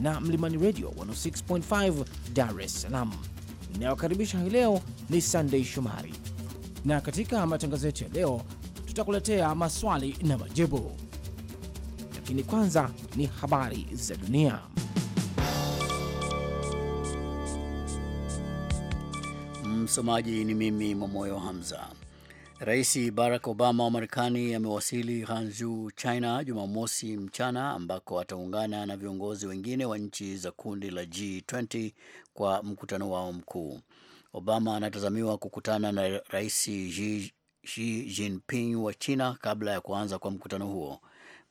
na Mlimani Radio 106.5 Dar es Salaam. Inayokaribisha hii leo ni Sunday Shomari, na katika matangazo yetu ya leo tutakuletea maswali na majibu, lakini kwanza ni habari za dunia. Msomaji ni mimi Momoyo Hamza. Rais Barack Obama wa Marekani amewasili Hanzu, China Jumamosi mchana ambako ataungana na viongozi wengine wa nchi za kundi la G20 kwa mkutano wao mkuu. Obama anatazamiwa kukutana na Rais Xi Jinping wa China kabla ya kuanza kwa mkutano huo.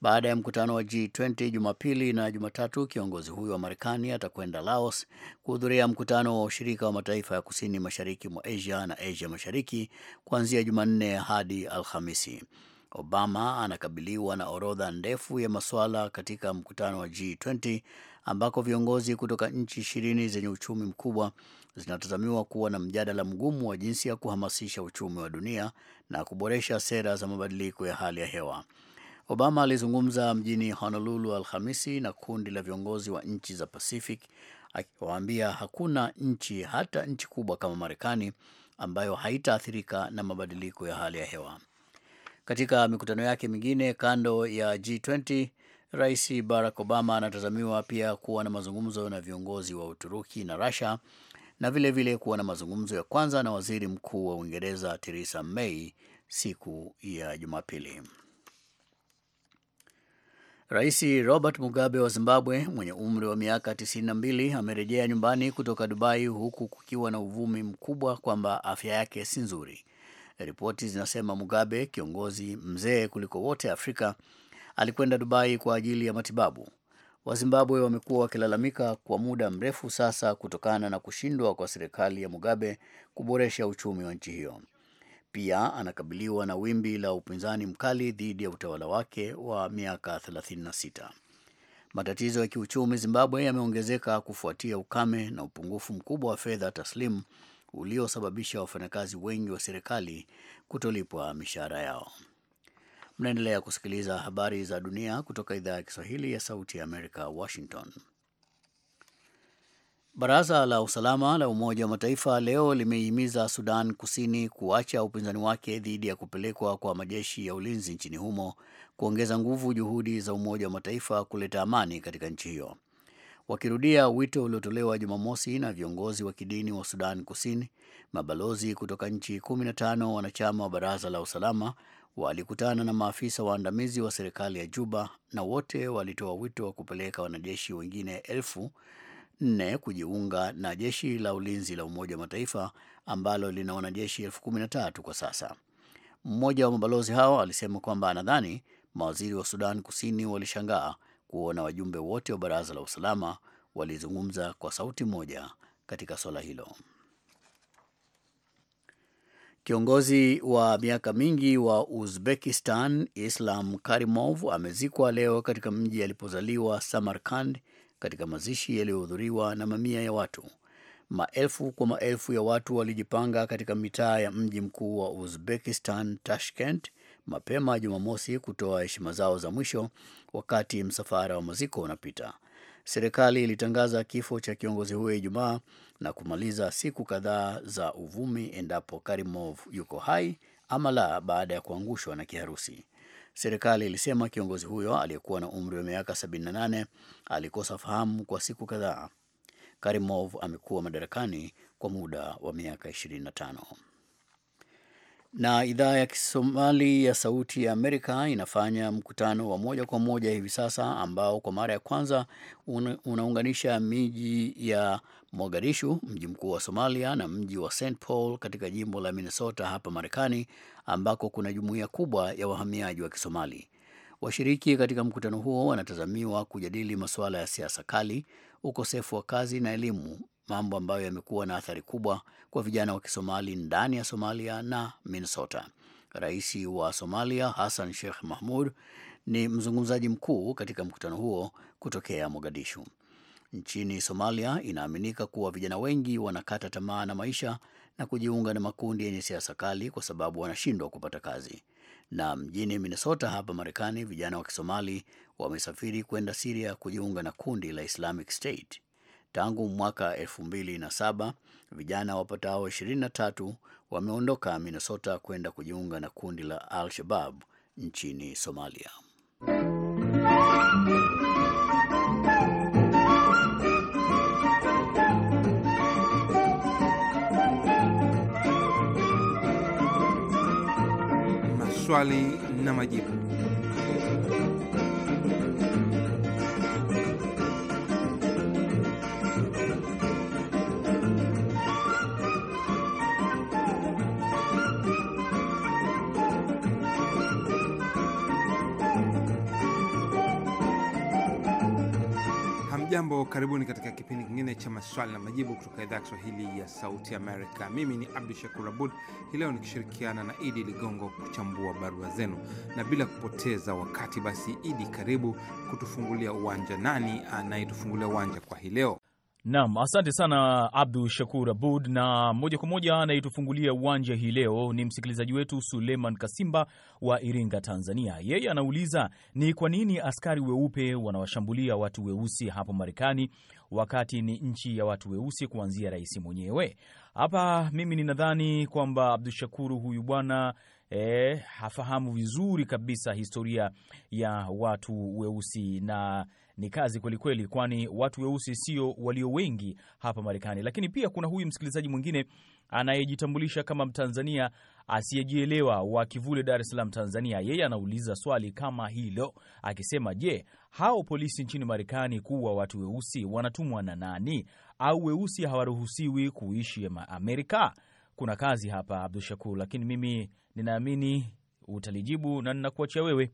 Baada ya mkutano wa G20 Jumapili na Jumatatu, kiongozi huyo wa Marekani atakwenda Laos kuhudhuria mkutano wa ushirika wa mataifa ya kusini mashariki mwa Asia na Asia Mashariki kuanzia Jumanne hadi Alhamisi. Obama anakabiliwa na orodha ndefu ya masuala katika mkutano wa G20 ambako viongozi kutoka nchi ishirini zenye uchumi mkubwa zinatazamiwa kuwa na mjadala mgumu wa jinsi ya kuhamasisha uchumi wa dunia na kuboresha sera za mabadiliko ya hali ya hewa. Obama alizungumza mjini Honolulu Alhamisi na kundi la viongozi wa nchi za Pacific akiwaambia hakuna nchi, hata nchi kubwa kama Marekani, ambayo haitaathirika na mabadiliko ya hali ya hewa. Katika mikutano yake mingine kando ya G20, Rais Barack Obama anatazamiwa pia kuwa na mazungumzo na viongozi wa Uturuki na Russia na vilevile vile kuwa na mazungumzo ya kwanza na Waziri Mkuu wa Uingereza Theresa May siku ya Jumapili. Rais Robert Mugabe wa Zimbabwe mwenye umri wa miaka 92 amerejea nyumbani kutoka Dubai huku kukiwa na uvumi mkubwa kwamba afya yake si nzuri. Ripoti zinasema Mugabe, kiongozi mzee kuliko wote Afrika, alikwenda Dubai kwa ajili ya matibabu. Wazimbabwe wamekuwa wakilalamika kwa muda mrefu sasa kutokana na kushindwa kwa serikali ya Mugabe kuboresha uchumi wa nchi hiyo pia anakabiliwa na wimbi la upinzani mkali dhidi ya utawala wake wa miaka 36. Matatizo ya kiuchumi Zimbabwe yameongezeka kufuatia ukame na upungufu mkubwa wa fedha taslimu uliosababisha wafanyakazi wengi wa serikali kutolipwa mishahara yao. Mnaendelea kusikiliza habari za dunia kutoka idhaa ya Kiswahili ya Sauti ya Amerika, Washington. Baraza la usalama la Umoja wa Mataifa leo limeihimiza Sudan Kusini kuacha upinzani wake dhidi ya kupelekwa kwa majeshi ya ulinzi nchini humo, kuongeza nguvu juhudi za Umoja wa Mataifa kuleta amani katika nchi hiyo. Wakirudia wito uliotolewa Jumamosi na viongozi wa kidini wa Sudan Kusini, mabalozi kutoka nchi 15 wanachama wa Baraza la Usalama walikutana na maafisa waandamizi wa serikali ya Juba na wote walitoa wito wa kupeleka wanajeshi wengine elfu nne kujiunga na jeshi la ulinzi la Umoja wa Mataifa ambalo lina wanajeshi elfu kumi na tatu kwa sasa. Mmoja wa mabalozi hao alisema kwamba anadhani mawaziri wa Sudan Kusini walishangaa kuona wajumbe wote wa Baraza la Usalama walizungumza kwa sauti moja katika suala hilo. Kiongozi wa miaka mingi wa Uzbekistan Islam Karimov amezikwa leo katika mji alipozaliwa Samarkand katika mazishi yaliyohudhuriwa na mamia ya watu. Maelfu kwa maelfu ya watu walijipanga katika mitaa ya mji mkuu wa Uzbekistan, Tashkent, mapema Jumamosi kutoa heshima zao za mwisho wakati msafara wa maziko unapita. Serikali ilitangaza kifo cha kiongozi huyo Ijumaa na kumaliza siku kadhaa za uvumi endapo Karimov yuko hai ama la, baada ya kuangushwa na kiharusi. Serikali ilisema kiongozi huyo aliyekuwa na umri wa miaka 78 alikosa fahamu kwa siku kadhaa. Karimov amekuwa madarakani kwa muda wa miaka 25. Na idhaa ya Kisomali ya Sauti ya Amerika inafanya mkutano wa moja kwa moja hivi sasa ambao kwa mara ya kwanza una, unaunganisha miji ya Mogadishu, mji mkuu wa Somalia, na mji wa St Paul katika jimbo la Minnesota hapa Marekani, ambako kuna jumuiya kubwa ya wahamiaji wa Kisomali. Washiriki katika mkutano huo wanatazamiwa kujadili masuala ya siasa kali, ukosefu wa kazi na elimu, mambo ambayo yamekuwa na athari kubwa kwa vijana wa Kisomali ndani ya Somalia na Minnesota. Rais wa Somalia Hassan Sheikh Mahmud ni mzungumzaji mkuu katika mkutano huo kutokea Mogadishu. Nchini Somalia inaaminika kuwa vijana wengi wanakata tamaa na maisha na kujiunga na makundi yenye siasa kali kwa sababu wanashindwa kupata kazi. Na mjini Minnesota hapa Marekani, vijana wa Kisomali wamesafiri kwenda Siria kujiunga na kundi la Islamic State. Tangu mwaka 2007 vijana wapatao 23 wameondoka Minnesota kwenda kujiunga na kundi la Al-Shabab nchini Somalia. Maswali na majibu. Hamjambo, karibuni katika kipindi kingine cha maswali na majibu kutoka idhaa ya Kiswahili ya Sauti Amerika. Mimi ni Abdu Shakur Abud, hii leo nikishirikiana na Idi Ligongo kuchambua barua zenu, na bila kupoteza wakati, basi Idi, karibu kutufungulia uwanja. Nani anayetufungulia uwanja kwa hii leo? Naam, asante sana Abdu Shakur Abud. Na moja kwa moja anayetufungulia uwanja hii leo ni msikilizaji wetu Suleiman Kasimba wa Iringa, Tanzania. Yeye anauliza ni kwa nini askari weupe wanawashambulia watu weusi hapo Marekani wakati ni nchi ya watu weusi kuanzia rais mwenyewe. Hapa mimi ninadhani kwamba Abdu Shakuru huyu bwana eh, hafahamu vizuri kabisa historia ya watu weusi na ni kazi kwelikweli, kwani watu weusi sio walio wengi hapa Marekani. Lakini pia kuna huyu msikilizaji mwingine anayejitambulisha kama Mtanzania asiyejielewa wa Kivule, Dar es Salaam, Tanzania. Yeye anauliza swali kama hilo akisema, je, hao polisi nchini Marekani kuwa watu weusi wanatumwa na nani, au weusi hawaruhusiwi kuishi Amerika? Kuna kazi hapa, Abdu Shakur, lakini mimi ninaamini utalijibu na ninakuachia wewe.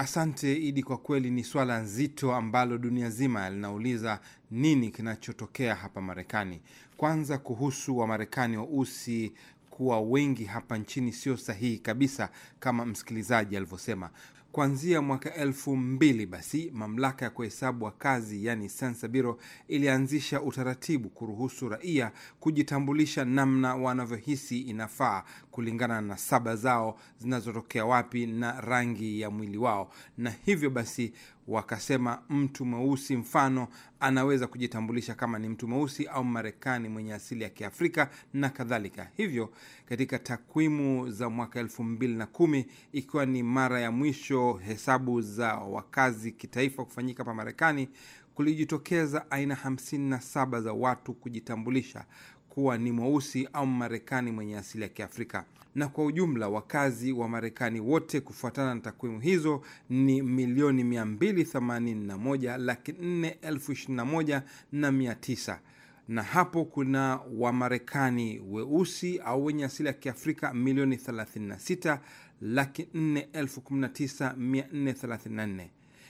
Asante Idi, kwa kweli ni swala nzito ambalo dunia zima linauliza nini kinachotokea hapa Marekani. Kwanza kuhusu Wamarekani weusi kuwa wengi hapa nchini sio sahihi kabisa, kama msikilizaji alivyosema. Kuanzia mwaka elfu mbili basi mamlaka ya kuhesabu wakazi yani sensa ilianzisha utaratibu kuruhusu raia kujitambulisha namna wanavyohisi inafaa kulingana na saba zao zinazotokea wapi na rangi ya mwili wao, na hivyo basi wakasema mtu mweusi mfano anaweza kujitambulisha kama ni mtu mweusi au Marekani mwenye asili ya Kiafrika na kadhalika. Hivyo katika takwimu za mwaka elfu mbili na kumi ikiwa ni mara ya mwisho hesabu za wakazi kitaifa kufanyika hapa Marekani, kulijitokeza aina 57 za watu kujitambulisha kuwa ni mweusi au Marekani mwenye asili ya Kiafrika. Na kwa ujumla wakazi wa Marekani wote kufuatana na takwimu hizo ni milioni 281 laki 4 21 na 900 na hapo kuna Wamarekani weusi au wenye asili ya Kiafrika milioni 36 laki 19,434,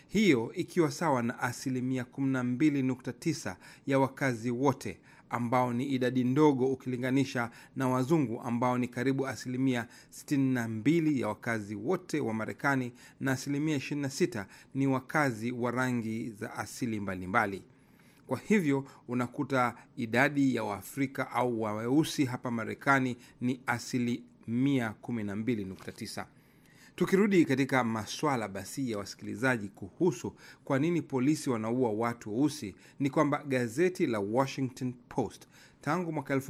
hiyo ikiwa sawa na asilimia 12.9 ya wakazi wote ambao ni idadi ndogo ukilinganisha na wazungu ambao ni karibu asilimia 62 ya wakazi wote wa Marekani na asilimia 26 ni wakazi wa rangi za asili mbalimbali mbali. Kwa hivyo unakuta idadi ya Waafrika au waweusi hapa Marekani ni asilimia 12.9. Tukirudi katika maswala basi ya wasikilizaji kuhusu kwa nini polisi wanaua watu weusi, ni kwamba gazeti la Washington Post tangu mwaka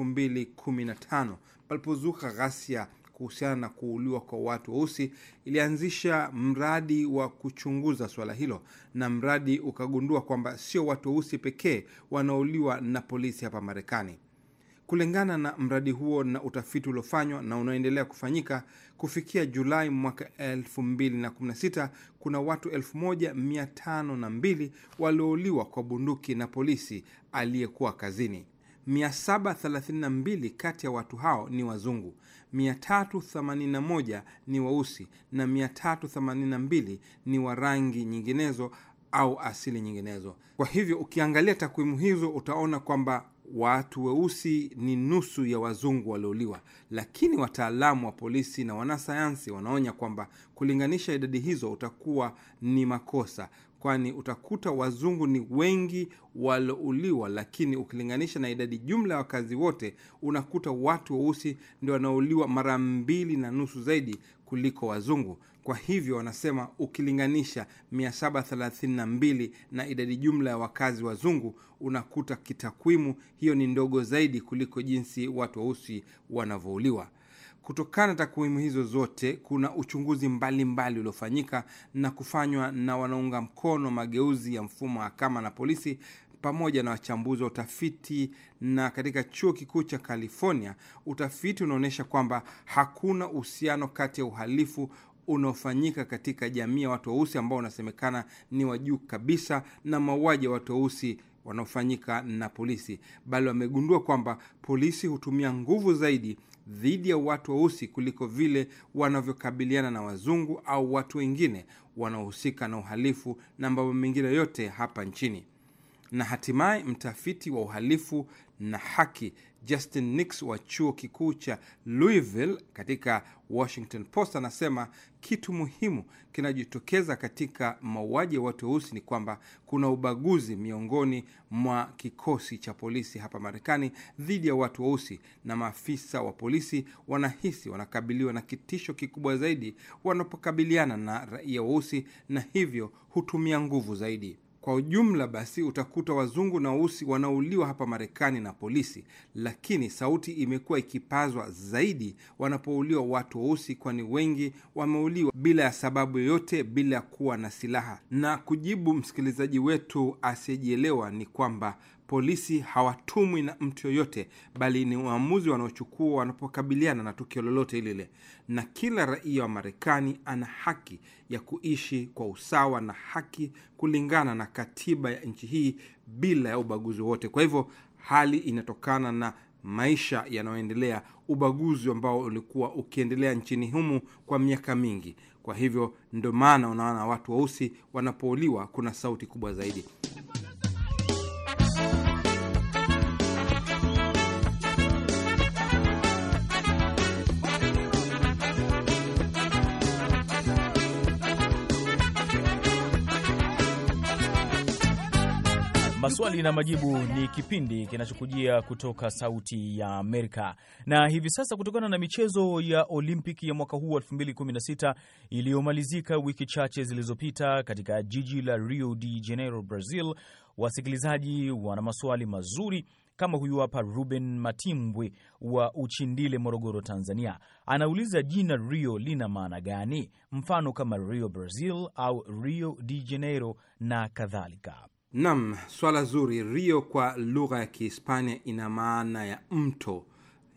tano palipozuka ghasia kuhusiana na kuuliwa kwa watu weusi ilianzisha mradi wa kuchunguza suala hilo, na mradi ukagundua kwamba sio watu weusi pekee wanaouliwa na polisi hapa Marekani. Kulingana na mradi huo na utafiti uliofanywa na unaoendelea kufanyika, kufikia Julai mwaka 2016 kuna watu 1502 waliouliwa kwa bunduki na polisi aliyekuwa kazini. 732 kati ya watu hao ni wazungu, 381 ni weusi na 382 ni wa rangi nyinginezo au asili nyinginezo. Kwa hivyo ukiangalia takwimu hizo utaona kwamba watu weusi ni nusu ya wazungu waliouliwa, lakini wataalamu wa polisi na wanasayansi wanaonya kwamba kulinganisha idadi hizo utakuwa ni makosa, kwani utakuta wazungu ni wengi walouliwa, lakini ukilinganisha na idadi jumla ya wakazi wote, unakuta watu weusi ndio wanaouliwa mara mbili na nusu zaidi kuliko wazungu. Kwa hivyo wanasema ukilinganisha 732 na idadi jumla ya wakazi wazungu, unakuta kitakwimu hiyo ni ndogo zaidi kuliko jinsi watu weusi wanavyouliwa. Kutokana na takwimu hizo zote, kuna uchunguzi mbalimbali uliofanyika na kufanywa na wanaunga mkono mageuzi ya mfumo wa mahakama na polisi pamoja na wachambuzi wa utafiti. Na katika chuo kikuu cha California, utafiti unaonyesha kwamba hakuna uhusiano kati ya uhalifu unaofanyika katika jamii ya watu weusi ambao unasemekana ni wa juu kabisa na mauaji ya watu weusi wanaofanyika na polisi, bali wamegundua kwamba polisi hutumia nguvu zaidi dhidi ya watu weusi kuliko vile wanavyokabiliana na wazungu au watu wengine wanaohusika na uhalifu na mambo mengine yote hapa nchini. Na hatimaye mtafiti wa uhalifu na haki Justin Nix wa chuo kikuu cha Louisville katika Washington Post anasema kitu muhimu kinajitokeza katika mauaji ya watu weusi ni kwamba kuna ubaguzi miongoni mwa kikosi cha polisi hapa Marekani dhidi ya watu weusi, na maafisa wa polisi wanahisi wanakabiliwa na kitisho kikubwa zaidi wanapokabiliana na raia weusi, na hivyo hutumia nguvu zaidi. Kwa ujumla basi, utakuta wazungu na weusi wanauliwa hapa Marekani na polisi, lakini sauti imekuwa ikipazwa zaidi wanapouliwa watu weusi, kwani wengi wameuliwa bila ya sababu yoyote, bila kuwa na silaha. Na kujibu msikilizaji wetu asiyejielewa ni kwamba polisi hawatumwi na mtu yoyote, bali ni uamuzi wanaochukua wanapokabiliana na tukio lolote lile, na kila raia wa Marekani ana haki ya kuishi kwa usawa na haki kulingana na katiba ya nchi hii bila ya ubaguzi wwote Kwa hivyo hali inatokana na maisha yanayoendelea, ubaguzi ambao ulikuwa ukiendelea nchini humu kwa miaka mingi. Kwa hivyo ndo maana unaona watu weusi wanapouliwa kuna sauti kubwa zaidi. Maswali na Majibu ni kipindi kinachokujia kutoka Sauti ya Amerika. Na hivi sasa, kutokana na michezo ya Olimpiki ya mwaka huu 2016 iliyomalizika wiki chache zilizopita katika jiji la Rio de Janeiro, Brazil, wasikilizaji wana maswali mazuri kama huyu hapa Ruben Matimbwe wa Uchindile, Morogoro, Tanzania, anauliza jina Rio lina maana gani? Mfano kama Rio Brazil au Rio de Janeiro na kadhalika. Nam, swala zuri. Rio kwa lugha ya Kihispania ina maana ya mto,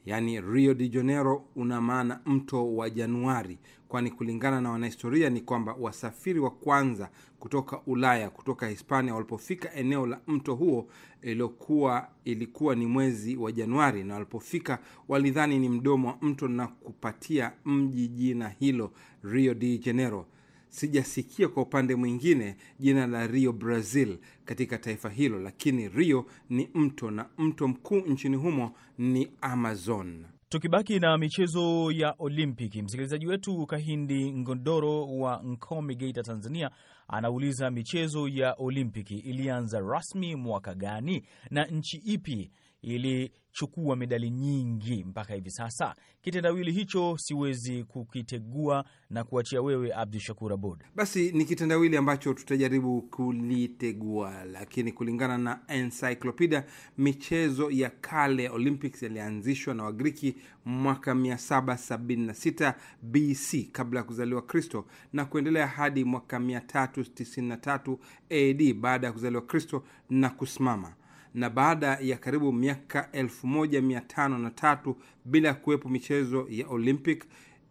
yaani Rio de Janeiro una maana mto wa Januari, kwani kulingana na wanahistoria ni kwamba wasafiri wa kwanza kutoka Ulaya kutoka Hispania walipofika eneo la mto huo iliokuwa ilikuwa ni mwezi wa Januari, na walipofika walidhani ni mdomo wa mto na kupatia mji jina hilo Rio de Janeiro sijasikia kwa upande mwingine jina la Rio Brazil katika taifa hilo, lakini Rio ni mto na mto mkuu nchini humo ni Amazon. Tukibaki na michezo ya Olimpiki, msikilizaji wetu Kahindi Ngondoro wa Nkomi, Geita, Tanzania, anauliza michezo ya Olimpiki ilianza rasmi mwaka gani na nchi ipi ilichukua medali nyingi mpaka hivi sasa. Kitendawili hicho siwezi kukitegua na kuachia wewe, Abdu Shakur Abud. Basi ni kitendawili ambacho tutajaribu kulitegua, lakini kulingana na encyclopedia, michezo ya kale Olympics yalianzishwa na wagriki mwaka 776 BC kabla ya kuzaliwa Kristo na kuendelea hadi mwaka 393 AD baada ya kuzaliwa Kristo na kusimama na baada ya karibu miaka 1503 bila ya kuwepo michezo ya Olympic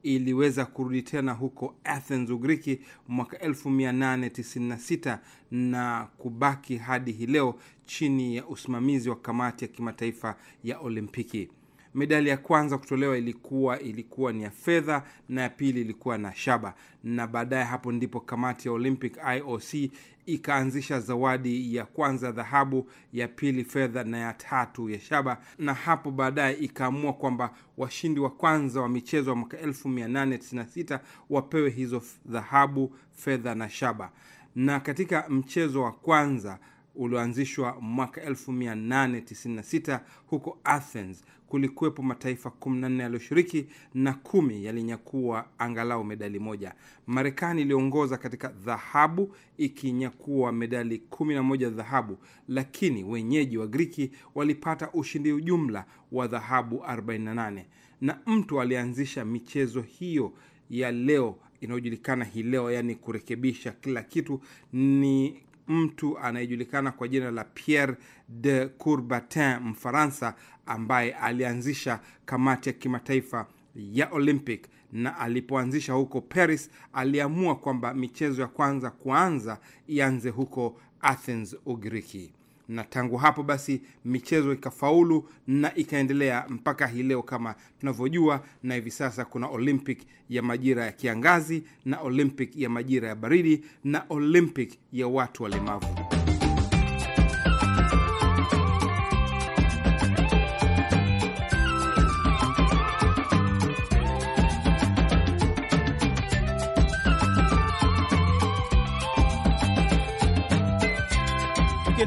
iliweza kurudi tena huko Athens, Ugiriki mwaka 1896 na kubaki hadi hii leo chini ya usimamizi wa kamati ya kimataifa ya Olimpiki medali ya kwanza kutolewa ilikuwa ilikuwa ni ya fedha na ya pili ilikuwa na shaba, na baadaye hapo ndipo kamati ya Olympic IOC ikaanzisha zawadi ya kwanza dhahabu, ya pili fedha na ya tatu ya shaba, na hapo baadaye ikaamua kwamba washindi wa kwanza wa michezo wa mwaka 1896 wapewe hizo dhahabu, fedha na shaba. Na katika mchezo wa kwanza ulioanzishwa mwaka 1896 huko Athens kulikuwepo mataifa 14 yaliyoshiriki na kumi yalinyakua angalau medali moja. Marekani iliongoza katika dhahabu ikinyakua medali 11 dhahabu, lakini wenyeji wa Griki walipata ushindi ujumla wa dhahabu 48 na mtu alianzisha michezo hiyo ya leo inayojulikana hii leo, yaani kurekebisha kila kitu, ni mtu anayejulikana kwa jina la Pierre de Coubertin, Mfaransa ambaye alianzisha kamati ya kimataifa ya Olympic na alipoanzisha huko Paris, aliamua kwamba michezo ya kwanza kuanza ianze huko Athens, Ugiriki na tangu hapo basi michezo ikafaulu na ikaendelea mpaka hii leo kama tunavyojua, na hivi sasa kuna Olympic ya majira ya kiangazi na Olympic ya majira ya baridi na Olympic ya watu walemavu.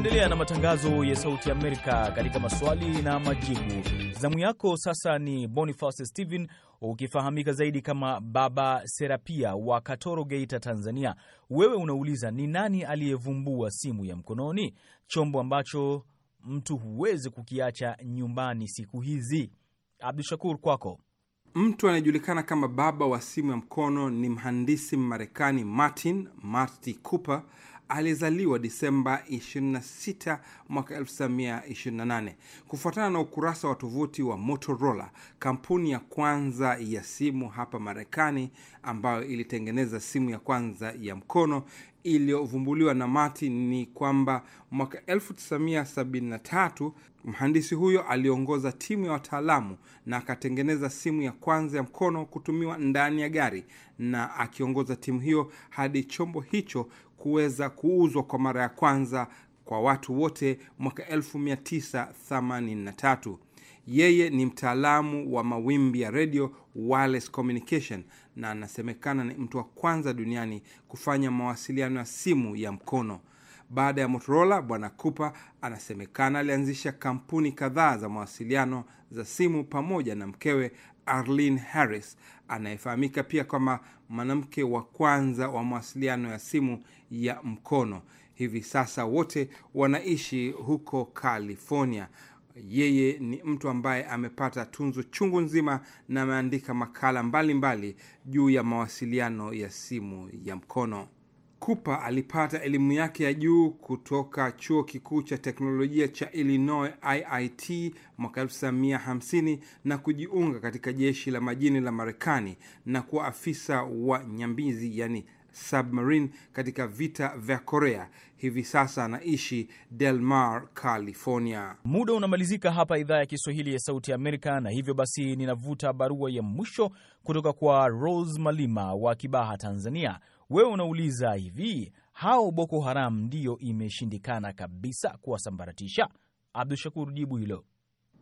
tunaendelea na matangazo ya Sauti Amerika katika maswali na majibu. Zamu yako sasa ni Boniface stehen ukifahamika zaidi kama Baba Serapia wa Katoro, Geita, Tanzania. Wewe unauliza ni nani aliyevumbua simu ya mkononi, chombo ambacho mtu huwezi kukiacha nyumbani siku hizi. Abdu Shakur, kwako. Mtu anayejulikana kama baba wa simu ya mkono ni mhandisi Mmarekani Martin Marty Cooper alizaliwa Disemba 26 mwaka 1928. Kufuatana na ukurasa wa tovuti wa Motorola, kampuni ya kwanza ya simu hapa Marekani, ambayo ilitengeneza simu ya kwanza ya mkono iliyovumbuliwa na Martin, ni kwamba mwaka 1973 mhandisi huyo aliongoza timu ya wataalamu na akatengeneza simu ya kwanza ya mkono kutumiwa ndani ya gari, na akiongoza timu hiyo hadi chombo hicho kuweza kuuzwa kwa mara ya kwanza kwa watu wote mwaka 1983. Yeye ni mtaalamu wa mawimbi ya redio wireless communication, na anasemekana ni mtu wa kwanza duniani kufanya mawasiliano ya simu ya mkono. Baada ya Motorola, Bwana Cooper anasemekana alianzisha kampuni kadhaa za mawasiliano za simu pamoja na mkewe Arlene Harris anayefahamika pia kama mwanamke wa kwanza wa mawasiliano ya simu ya mkono. Hivi sasa wote wanaishi huko California. Yeye ni mtu ambaye amepata tunzo chungu nzima na ameandika makala mbalimbali mbali juu ya mawasiliano ya simu ya mkono. Cooper alipata elimu yake ya juu kutoka chuo kikuu cha teknolojia cha Illinois IIT mwaka 1950 na kujiunga katika jeshi la majini la Marekani na kuwa afisa wa nyambizi yani submarine katika vita vya Korea. Hivi sasa anaishi Del Mar, California. Muda unamalizika hapa idhaa ya Kiswahili ya Sauti ya Amerika, na hivyo basi ninavuta barua ya mwisho kutoka kwa Rose Malima wa Kibaha, Tanzania wewe unauliza hivi, hao Boko Haram ndiyo imeshindikana kabisa kuwasambaratisha? Abdu Shakur, jibu hilo.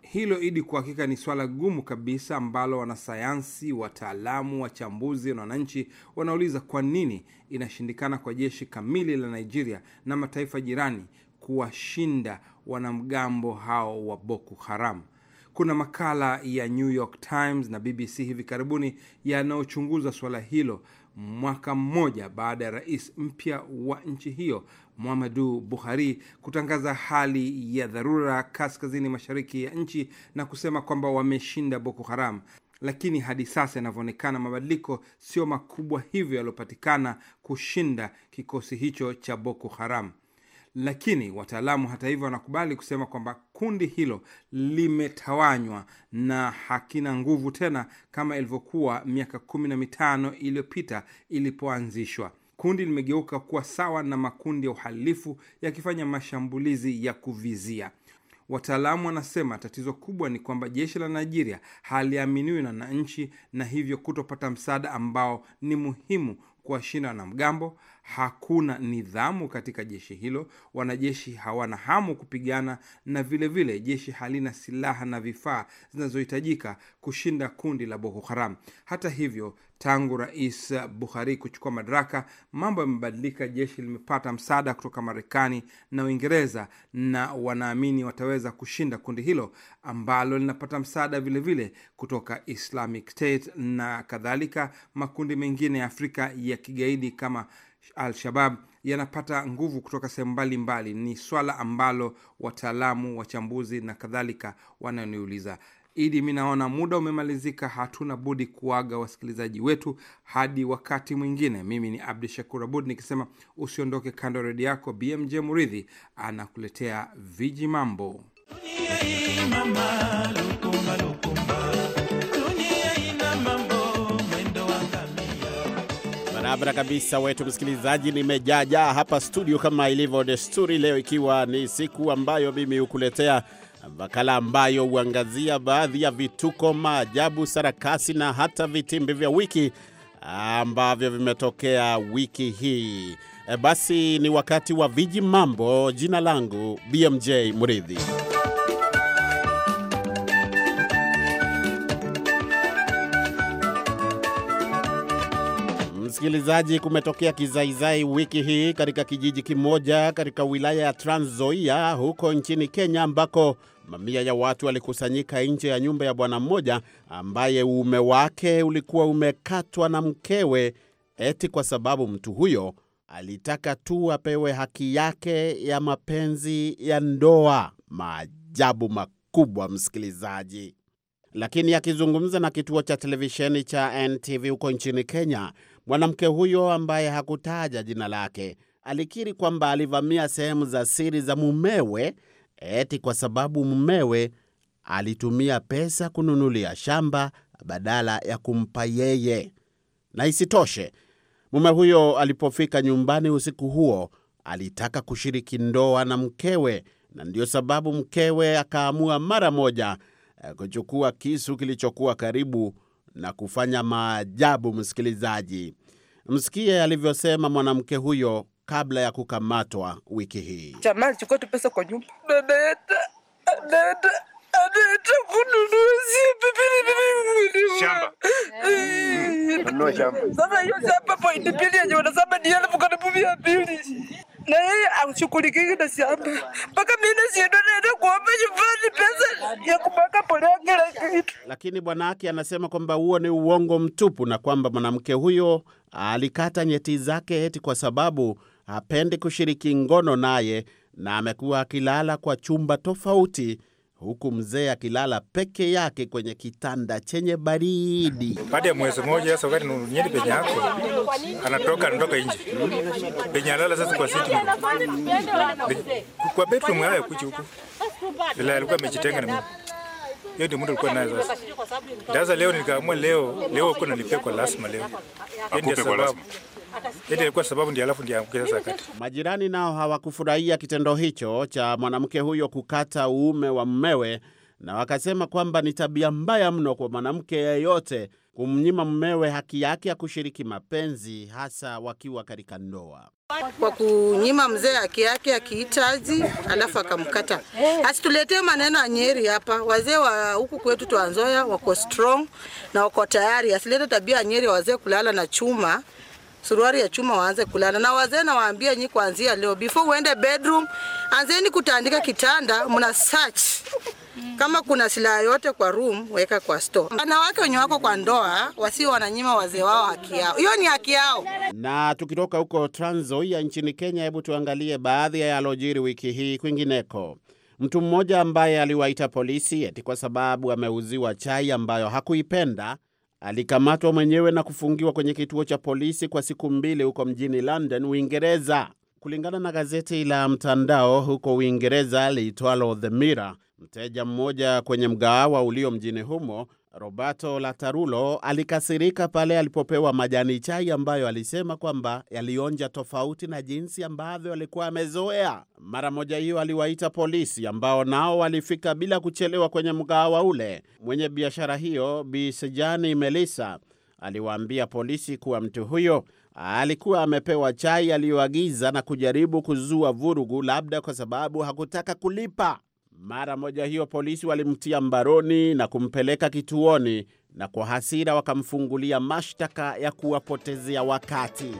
Hilo Idi, kwa hakika ni swala gumu kabisa ambalo wanasayansi, wataalamu, wachambuzi na wananchi wanauliza, kwa nini inashindikana kwa jeshi kamili la Nigeria na mataifa jirani kuwashinda wanamgambo hao wa Boko Haram. Kuna makala ya New York Times na BBC hivi karibuni yanayochunguza swala hilo mwaka mmoja baada ya rais mpya wa nchi hiyo Muhammadu Buhari kutangaza hali ya dharura kaskazini mashariki ya nchi na kusema kwamba wameshinda Boko Haram. Lakini hadi sasa yanavyoonekana, mabadiliko sio makubwa hivyo yaliyopatikana kushinda kikosi hicho cha Boko Haram lakini wataalamu hata hivyo wanakubali kusema kwamba kundi hilo limetawanywa na hakina nguvu tena kama ilivyokuwa miaka kumi na mitano iliyopita ilipoanzishwa. Kundi limegeuka kuwa sawa na makundi ya uhalifu yakifanya mashambulizi ya kuvizia. Wataalamu wanasema tatizo kubwa ni kwamba jeshi la Nigeria haliaminiwi na wananchi, na hivyo kutopata msaada ambao ni muhimu kuwashinda wanamgambo hakuna nidhamu katika jeshi hilo wanajeshi hawana hamu kupigana na vilevile vile, jeshi halina silaha na vifaa zinazohitajika kushinda kundi la boko haram hata hivyo tangu rais buhari kuchukua madaraka mambo yamebadilika jeshi limepata msaada kutoka marekani na uingereza na wanaamini wataweza kushinda kundi hilo ambalo linapata msaada vilevile vile kutoka islamic state na kadhalika makundi mengine ya afrika ya kigaidi kama Al-Shabab yanapata nguvu kutoka sehemu mbalimbali. Ni swala ambalo wataalamu, wachambuzi na kadhalika wananiuliza. Idi, mi naona muda umemalizika, hatuna budi kuaga wasikilizaji wetu hadi wakati mwingine. Mimi ni Abdu Shakur Abud nikisema usiondoke kando ya redio yako. BMJ Muridhi anakuletea viji mambo. Barabara kabisa wetu msikilizaji, nimejaajaa hapa studio kama ilivyo desturi, leo ikiwa ni siku ambayo mimi hukuletea makala ambayo huangazia baadhi ya vituko, maajabu, sarakasi na hata vitimbi vya wiki ambavyo vimetokea wiki hii. E, basi ni wakati wa viji mambo. Jina langu BMJ Muridhi. Msikilizaji, kumetokea kizaizai wiki hii katika kijiji kimoja katika wilaya ya Trans Nzoia huko nchini Kenya, ambako mamia ya watu walikusanyika nje ya nyumba ya bwana mmoja ambaye uume wake ulikuwa umekatwa na mkewe, eti kwa sababu mtu huyo alitaka tu apewe haki yake ya mapenzi ya ndoa. Maajabu makubwa, msikilizaji. Lakini akizungumza na kituo cha televisheni cha NTV huko nchini Kenya, Mwanamke huyo ambaye hakutaja jina lake alikiri kwamba alivamia sehemu za siri za mumewe eti kwa sababu mumewe alitumia pesa kununulia shamba badala ya kumpa yeye. Na isitoshe, mume huyo alipofika nyumbani usiku huo alitaka kushiriki ndoa na mkewe, na ndiyo sababu mkewe akaamua mara moja eh, kuchukua kisu kilichokuwa karibu na kufanya maajabu. Msikilizaji, msikie alivyosema mwanamke huyo kabla ya kukamatwa wiki hii. Jamani, chukua tu pesa kwa nyumba, kununua eh. shamba sasa. Hiyo shamba pointi yenye wanasema ni elfu karibu mia mbili na yeye ashughulikie na shamba mpaka mimi nasienda naenda kuomba nyumbani pesa ya kupaka polea kila kitu. Lakini bwana yake anasema kwamba huo ni uongo mtupu na kwamba mwanamke huyo alikata nyeti zake eti kwa sababu hapendi kushiriki ngono naye na amekuwa akilala kwa chumba tofauti huku mzee akilala peke yake kwenye kitanda chenye baridi. Baada ya mwezi mmoja sasa, wakati nununyeli penye yako anatoka anatoka nje penye alala sasa, kwa siti kwa bedroom haya kuchi huko ila alikuwa amejitenga na mimi. Hiyo ndio mtu alikuwa naye sasa. Sasa leo nikaamua, leo leo uko nalipia kwa lazima, leo ndio sababu ile ilikuwa sababu ndio, alafu ndio sasa kati. Majirani nao hawakufurahia kitendo hicho cha mwanamke huyo kukata uume wa mmewe, na wakasema kwamba ni tabia mbaya mno kwa mwanamke yeyote kumnyima mmewe haki yake ya kushiriki mapenzi, hasa wakiwa katika ndoa. Kwa kunyima mzee haki yake akihitaji, alafu akamkata. Asituletee maneno ya Nyeri hapa. Wazee wa huku kwetu Trans wako strong na wako tayari. Asilete tabia ya Nyeri wazee kulala na chuma suruari ya chuma waanze kulala. Na wazee nawaambia nyi, kuanzia leo before uende bedroom, anzeni kutandika kitanda, mna search kama kuna silaha yote kwa room, weka kwa store. Wanawake wenye wako kwa ndoa wasio wananyima wazee wao haki yao, hiyo ni haki yao. Na tukitoka huko Trans Nzoia nchini Kenya, hebu tuangalie baadhi ya yalojiri wiki hii kwingineko. Mtu mmoja ambaye aliwaita polisi eti kwa sababu ameuziwa chai ambayo hakuipenda alikamatwa mwenyewe na kufungiwa kwenye kituo cha polisi kwa siku mbili huko mjini London, Uingereza. Kulingana na gazeti la mtandao huko Uingereza liitwalo The Mirror, mteja mmoja kwenye mgahawa ulio mjini humo Roberto Latarulo alikasirika pale alipopewa majani chai ambayo alisema kwamba yalionja tofauti na jinsi ambavyo alikuwa amezoea. Mara moja hiyo aliwaita polisi ambao nao walifika bila kuchelewa kwenye mgahawa ule. Mwenye biashara hiyo Bi Sejani Melissa aliwaambia polisi kuwa mtu huyo alikuwa amepewa chai aliyoagiza na kujaribu kuzua vurugu, labda kwa sababu hakutaka kulipa. Mara moja hiyo polisi walimtia mbaroni na kumpeleka kituoni, na kwa hasira wakamfungulia mashtaka ya kuwapotezea wakati.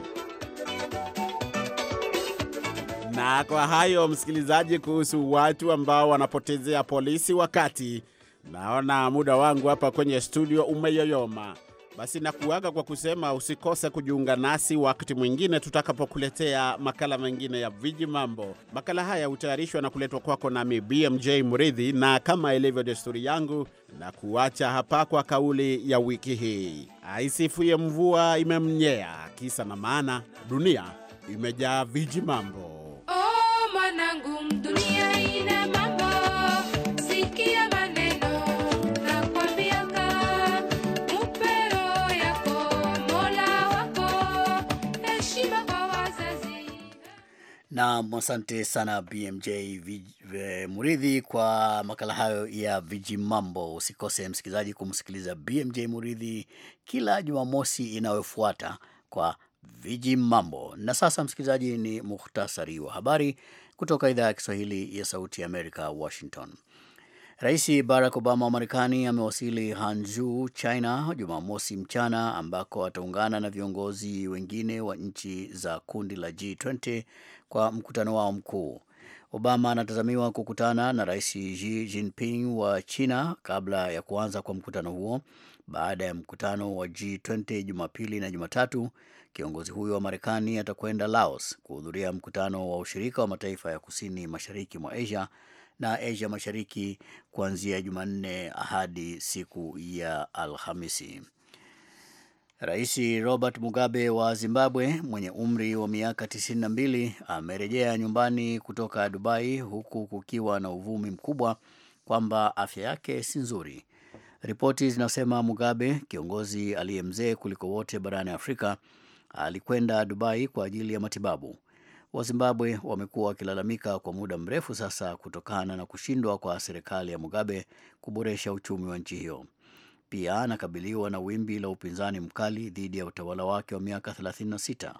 Na kwa hayo, msikilizaji, kuhusu watu ambao wanapotezea polisi wakati, naona muda wangu hapa kwenye studio umeyoyoma. Basi nakuaga kwa kusema usikose kujiunga nasi wakati mwingine tutakapokuletea makala mengine ya viji mambo. Makala haya hutayarishwa na kuletwa kwako nami BMJ Mridhi, na kama ilivyo desturi yangu, na kuacha hapa kwa kauli ya wiki hii, aisifuye mvua imemnyea. Kisa na maana, dunia imejaa viji mambo. Oh, mwanangu, dunia ina mambo. Na asante sana BMJ eh, Muridhi kwa makala hayo ya viji mambo. Usikose msikilizaji kumsikiliza BMJ Muridhi kila Jumamosi inayofuata kwa viji mambo. Na sasa, msikilizaji, ni muhtasari wa habari kutoka idhaa ya Kiswahili ya Sauti ya Amerika, Washington. Rais Barack Obama wa Marekani amewasili hanju China Jumamosi mchana ambako ataungana na viongozi wengine wa nchi za kundi la G20 kwa mkutano wao mkuu. Obama anatazamiwa kukutana na Rais Xi Jinping wa China kabla ya kuanza kwa mkutano huo. Baada ya mkutano wa G20 Jumapili na Jumatatu, kiongozi huyo wa Marekani atakwenda Laos kuhudhuria mkutano wa ushirika wa mataifa ya kusini mashariki mwa Asia na Asia Mashariki kuanzia Jumanne hadi siku ya Alhamisi. Rais Robert Mugabe wa Zimbabwe mwenye umri wa miaka 92 amerejea nyumbani kutoka Dubai huku kukiwa na uvumi mkubwa kwamba afya yake si nzuri. Ripoti zinasema Mugabe, kiongozi aliye mzee kuliko wote barani Afrika, alikwenda Dubai kwa ajili ya matibabu. Zimbabwe wamekuwa wakilalamika kwa muda mrefu sasa kutokana na kushindwa kwa serikali ya Mugabe kuboresha uchumi wa nchi hiyo. Pia anakabiliwa na wimbi la upinzani mkali dhidi ya utawala wake wa miaka 36.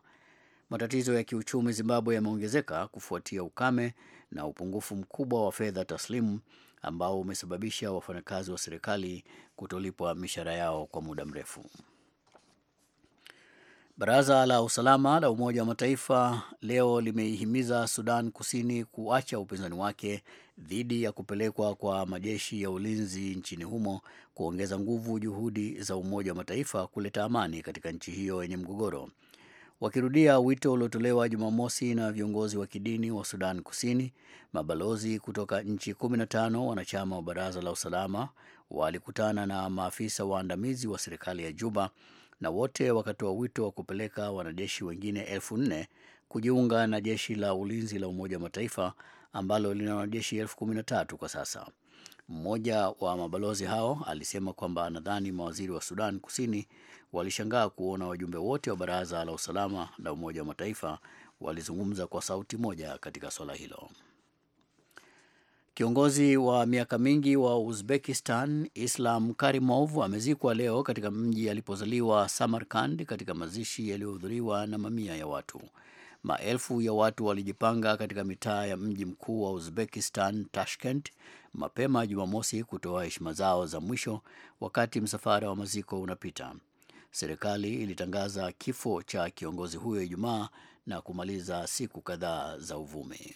Matatizo ya kiuchumi Zimbabwe yameongezeka kufuatia ukame na upungufu mkubwa wa fedha taslimu ambao umesababisha wafanyakazi wa serikali kutolipwa mishahara yao kwa muda mrefu. Baraza la Usalama la Umoja wa Mataifa leo limeihimiza Sudan Kusini kuacha upinzani wake dhidi ya kupelekwa kwa majeshi ya ulinzi nchini humo, kuongeza nguvu juhudi za Umoja wa Mataifa kuleta amani katika nchi hiyo yenye mgogoro. Wakirudia wito uliotolewa Jumamosi na viongozi wa kidini wa Sudan Kusini, mabalozi kutoka nchi 15 wanachama wa Baraza la Usalama walikutana na maafisa waandamizi wa serikali ya Juba na wote wakatoa wito wa kupeleka wanajeshi wengine elfu nne kujiunga na jeshi la ulinzi la Umoja wa Mataifa ambalo lina wanajeshi elfu kumi na tatu kwa sasa. Mmoja wa mabalozi hao alisema kwamba anadhani mawaziri wa Sudan Kusini walishangaa kuona wajumbe wote wa Baraza la Usalama la Umoja wa Mataifa walizungumza kwa sauti moja katika swala hilo. Kiongozi wa miaka mingi wa Uzbekistan Islam Karimov amezikwa leo katika mji alipozaliwa Samarkand, katika mazishi yaliyohudhuriwa na mamia ya watu. Maelfu ya watu walijipanga katika mitaa ya mji mkuu wa Uzbekistan, Tashkent, mapema Jumamosi kutoa heshima zao za mwisho wakati msafara wa maziko unapita. Serikali ilitangaza kifo cha kiongozi huyo Ijumaa na kumaliza siku kadhaa za uvumi.